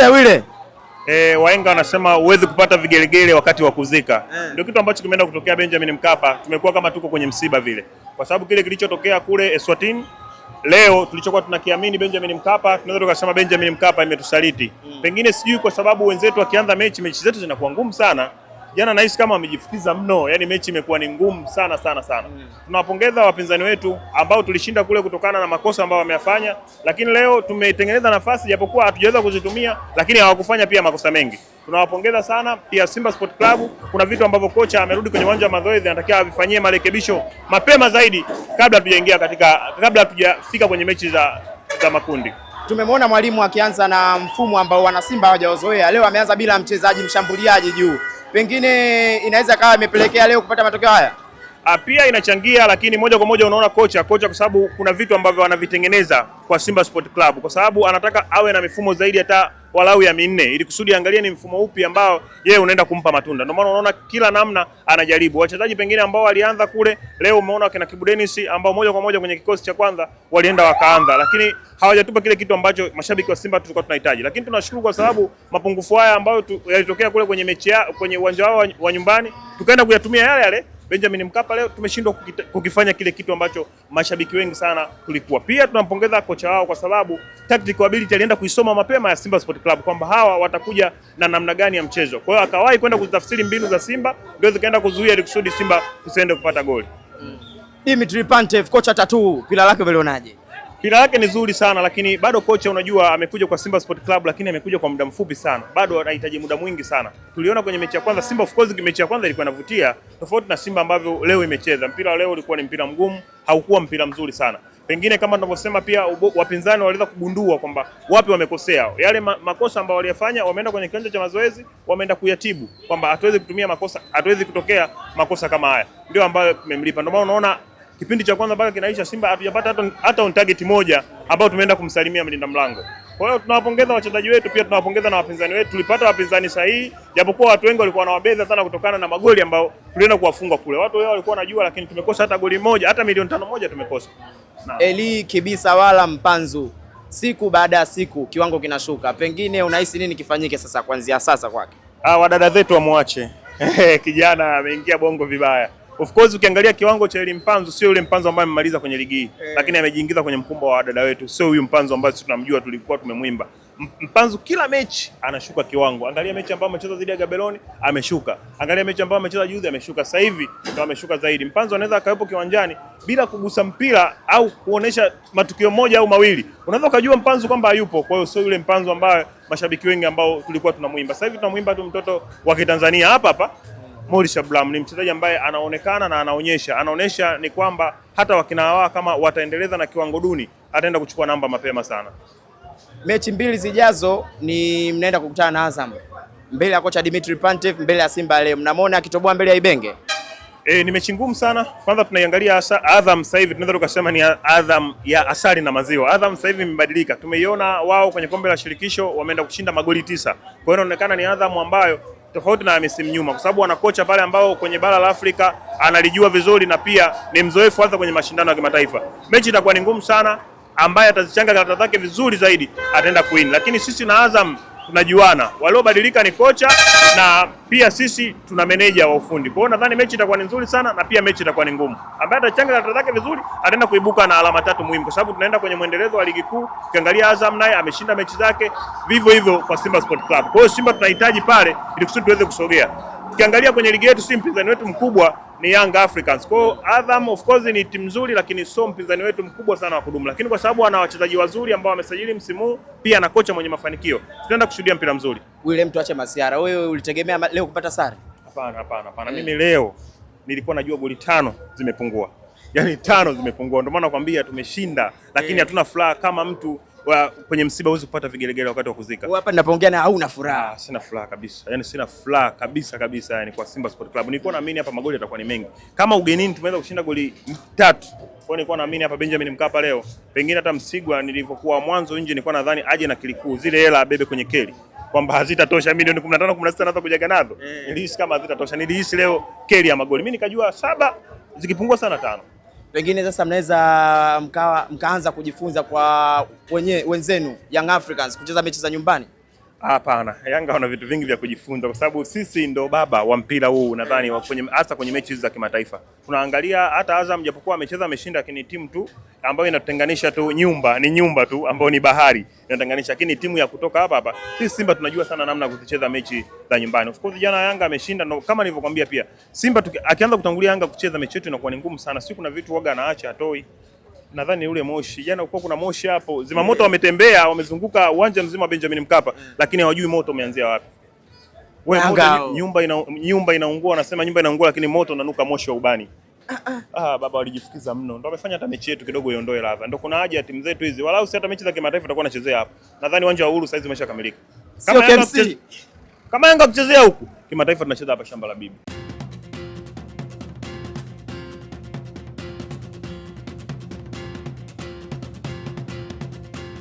Mzee Wile, e, waenga wanasema huwezi kupata vigelegele wakati wa kuzika e. Ndio kitu ambacho kimeenda kutokea Benjamin Mkapa. Tumekuwa kama tuko kwenye msiba vile, kwa sababu kile kilichotokea kule Eswatini leo tulichokuwa tunakiamini Benjamin Mkapa, tunaweza tukasema Benjamin Mkapa imetusaliti mm. Pengine sijui kwa sababu wenzetu wakianza mechi, mechi zetu zinakuwa ngumu sana jana nahisi kama wamejifukiza mno, yani mechi imekuwa ni ngumu sana sana sana. Mm. Tunawapongeza wapinzani wetu ambao tulishinda kule kutokana na makosa ambayo wameyafanya, lakini leo tumetengeneza nafasi japokuwa hatujaweza kuzitumia, lakini hawakufanya pia makosa mengi. Tunawapongeza sana pia Simba Sport Club. Kuna vitu ambavyo kocha amerudi kwenye uwanja wa mazoezi, anatakiwa avifanyie marekebisho mapema zaidi kabla hatujaingia katika kabla hatujafika kwenye mechi za, za makundi. Tumemwona mwalimu akianza na mfumo ambao wanasimba hawajazoea. Leo ameanza bila mchezaji mshambuliaji juu pengine inaweza kawa imepelekea leo kupata matokeo haya? Ah, pia inachangia, lakini moja kwa moja unaona kocha kocha, kwa sababu kuna vitu ambavyo anavitengeneza kwa Simba Sport Club, kwa sababu anataka awe na mifumo zaidi hata walau ya minne, ili kusudi angalie ni mfumo upi ambao yeye unaenda kumpa matunda. Ndio maana unaona kila namna anajaribu. Wachezaji pengine ambao walianza kule, leo umeona kina Kibu Dennis ambao moja kwa moja kwenye kikosi cha kwanza walienda wakaanza, lakini hawajatupa kile kitu ambacho mashabiki wa Simba tulikuwa tunahitaji. Lakini tunashukuru kwa sababu mapungufu haya ambayo yalitokea kule kwenye mechi kwenye uwanja wao wa nyumbani tukaenda kuyatumia yale yale Benjamin Mkapa leo tumeshindwa kukifanya kile kitu ambacho mashabiki wengi sana tulikuwa. Pia tunampongeza kocha wao kwa sababu tactical ability alienda kuisoma mapema ya Simba Sport Club kwamba hawa watakuja na namna gani ya mchezo. Kwa hiyo akawahi kwenda kutafsiri mbinu za Simba ndio zikaenda kuzuia ili kusudi Simba kusiende kupata goli. Dimitri Pantev kocha tatu pila lake velionaje? mpira yake ni zuri sana lakini bado kocha, unajua amekuja kwa Simba Sport Club lakini amekuja kwa muda mfupi sana, bado anahitaji muda mwingi sana. Tuliona kwenye mechi ya kwanza Simba, of course mechi ya kwanza ilikuwa inavutia, tofauti na Simba ambavyo leo imecheza. Mpira leo ulikuwa ni mpira mgumu, haukuwa mpira mzuri sana. Pengine kama tunavyosema pia ubo, wapinzani waliweza kugundua kwamba wapi wamekosea, yale ma, makosa ambayo waliyafanya, wameenda kwenye kiwanja cha mazoezi, wameenda kuyatibu kwamba hatuwezi kutumia makosa, hatuwezi kutokea makosa kama haya, ndio ambayo tumemlipa. Ndio maana unaona Kipindi cha kwanza mpaka kinaisha Simba hatujapata hata hata on target moja ambao tumeenda kumsalimia mlinda mlango. Kwa hiyo tunawapongeza wachezaji wetu, pia tunawapongeza na wapinzani wetu. Tulipata wapinzani sahihi, japokuwa watu wengi walikuwa wanawabeza sana kutokana na magoli ambayo tulienda kuwafunga kule. Watu wao walikuwa wanajua, lakini tumekosa hata goli moja, hata milioni tano moja tumekosa. Eli Kibisa wala Mpanzu, siku baada ya siku kiwango kinashuka, pengine unahisi nini kifanyike sasa kuanzia sasa kwake? Ah, wadada zetu wamwache kijana ameingia bongo vibaya Of course ukiangalia kiwango cha ile mpanzo sio yule mpanzo ambaye amemaliza kwenye ligi hii eh, lakini amejiingiza kwenye mkumbo wa dada wetu, sio huyu mpanzo ambaye sisi tunamjua tulikuwa tumemwimba. Mpanzo kila mechi anashuka kiwango. Angalia mechi ambayo amecheza dhidi ya Gabeloni ameshuka, angalia mechi ambayo amecheza juzi ameshuka, sasa hivi ndio ameshuka zaidi. Mpanzo anaweza akawepo kiwanjani bila kugusa mpira au kuonesha matukio moja au mawili, unaweza kujua mpanzo kwamba hayupo. Kwa hiyo sio yule mpanzo ambaye mashabiki wengi ambao tulikuwa tunamwimba. Sasa hivi tunamwimba tu mtoto wa Kitanzania hapa hapa Morris Abraham ni mchezaji ambaye anaonekana na anaonyesha, anaonyesha ni kwamba hata wakina hawa kama wataendeleza na kiwango duni, ataenda kuchukua namba mapema sana. Mechi mbili zijazo ni mnaenda kukutana na Azam mbele ya kocha Dimitri Pantev, mbele ya Simba leo, mnamwona akitoboa mbele ya Ibenge. E, ni mechi ngumu sana. Kwanza tunaiangalia Azam sasa hivi, tunaweza tukasema ni Azam ya asali na maziwa. Azam sasa hivi imebadilika, tumeiona wao kwenye kombe la shirikisho wameenda kushinda magoli tisa. Kwa hiyo inaonekana ni Azam ambayo tofauti na misimu nyuma, kwa sababu anakocha pale ambao kwenye bara la Afrika analijua vizuri na pia ni mzoefu hata kwenye mashindano ya kimataifa. Mechi itakuwa ni ngumu sana, ambaye atazichanga karata zake vizuri zaidi ataenda kuwin, lakini sisi na Azam tunajuana, waliobadilika ni kocha na pia sisi tuna meneja wa ufundi. Kwa hiyo nadhani mechi itakuwa ni nzuri sana, na pia mechi itakuwa ni ngumu. Ambaye atachanga data zake vizuri ataenda kuibuka na alama tatu muhimu, kwa sababu tunaenda kwenye mwendelezo wa ligi kuu. Ukiangalia Azam naye ameshinda mechi zake, vivyo hivyo kwa Simba Sport Club. Kwa hiyo Simba tunahitaji pale ili kusudi tuweze kusogea. Ukiangalia kwenye ligi yetu, si mpinzani wetu mkubwa ni Young Africans. Kwa Azam of course ni timu nzuri, lakini sio mpinzani wetu mkubwa sana wa kudumu, lakini kwa sababu ana wachezaji wazuri ambao wamesajili msimu huu pia na kocha mwenye mafanikio, tunaenda kushuhudia mpira mzuri. Wewe mtu masiara, wewe ulitegemea leo kupata sare? Hapana, hapana, hapana. Eh. Mimi leo nilikuwa najua goli tano zimepungua, yaani tano zimepungua, ndio maana nakwambia tumeshinda, lakini eh. hatuna furaha kama mtu wa, kwenye msiba huwezi kupata vigelegele wakati wa kuzika. Hapa ninapoongea na au na furaha. Ah, Sina furaha kabisa. Yaani sina furaha kabisa kabisa yani kwa Simba Sport Club. Nilikuwa naamini hapa magoli yatakuwa ni mengi. Kama ugenini tumeweza kushinda goli tatu. Kwa nilikuwa naamini hapa Benjamin Mkapa leo. Pengine hata Msigwa nilivyokuwa mwanzo nje nilikuwa nadhani aje na kilikuu zile hela abebe kwenye keli kwamba hazitatosha milioni 15 16 naweza kujaga nazo. Eh. Nilihisi kama hazitatosha. Nilihisi leo keli ya magoli. Mimi nikajua saba zikipungua sana tano pengine sasa mnaweza mkaanza kujifunza kwa wenye, wenzenu Young Africans kucheza mechi za nyumbani? Hapana, Yanga wana vitu vingi vya kujifunza kwa sababu sisi ndo baba wa mpira huu nadhani hasa kwenye mechi za kimataifa. Tunaangalia hata Azam japokuwa amecheza ameshinda, lakini timu tu ambayo inatenganisha tu nyumba ni nyumba tu ambayo ni bahari inatenganisha, lakini timu ya kutoka hapa hapa sisi Simba tunajua sana namna ya kuzicheza mechi za nyumbani. Of course jana Yanga ameshinda no, kama nilivyokuambia pia Simba tuki, akianza kutangulia Yanga kucheza mechi yetu inakuwa ni ngumu sana, si kuna vitu waga anaacha atoi nadhani ule moshi jana ulikuwa kuna moshi hapo. zima moto wametembea wamezunguka uwanja mzima wa Benjamin Mkapa, mm. lakini hawajui moto umeanzia wapi. Wewe moto, nyumba ina, nyumba inaungua, anasema nyumba inaungua, lakini moto unanuka moshi wa ubani. Ah, ah. ah baba walijifukiza mno, ndo wamefanya hata mechi yetu kidogo iondoe ladha. Ndo kuna haja ya timu zetu hizi, walau si hata mechi za kimataifa tutakuwa tunachezea hapa. Nadhani uwanja wa Uhuru saizi umeshakamilika. Kama Yanga kuchezea huku kimataifa, tunacheza hapa shamba la bibi.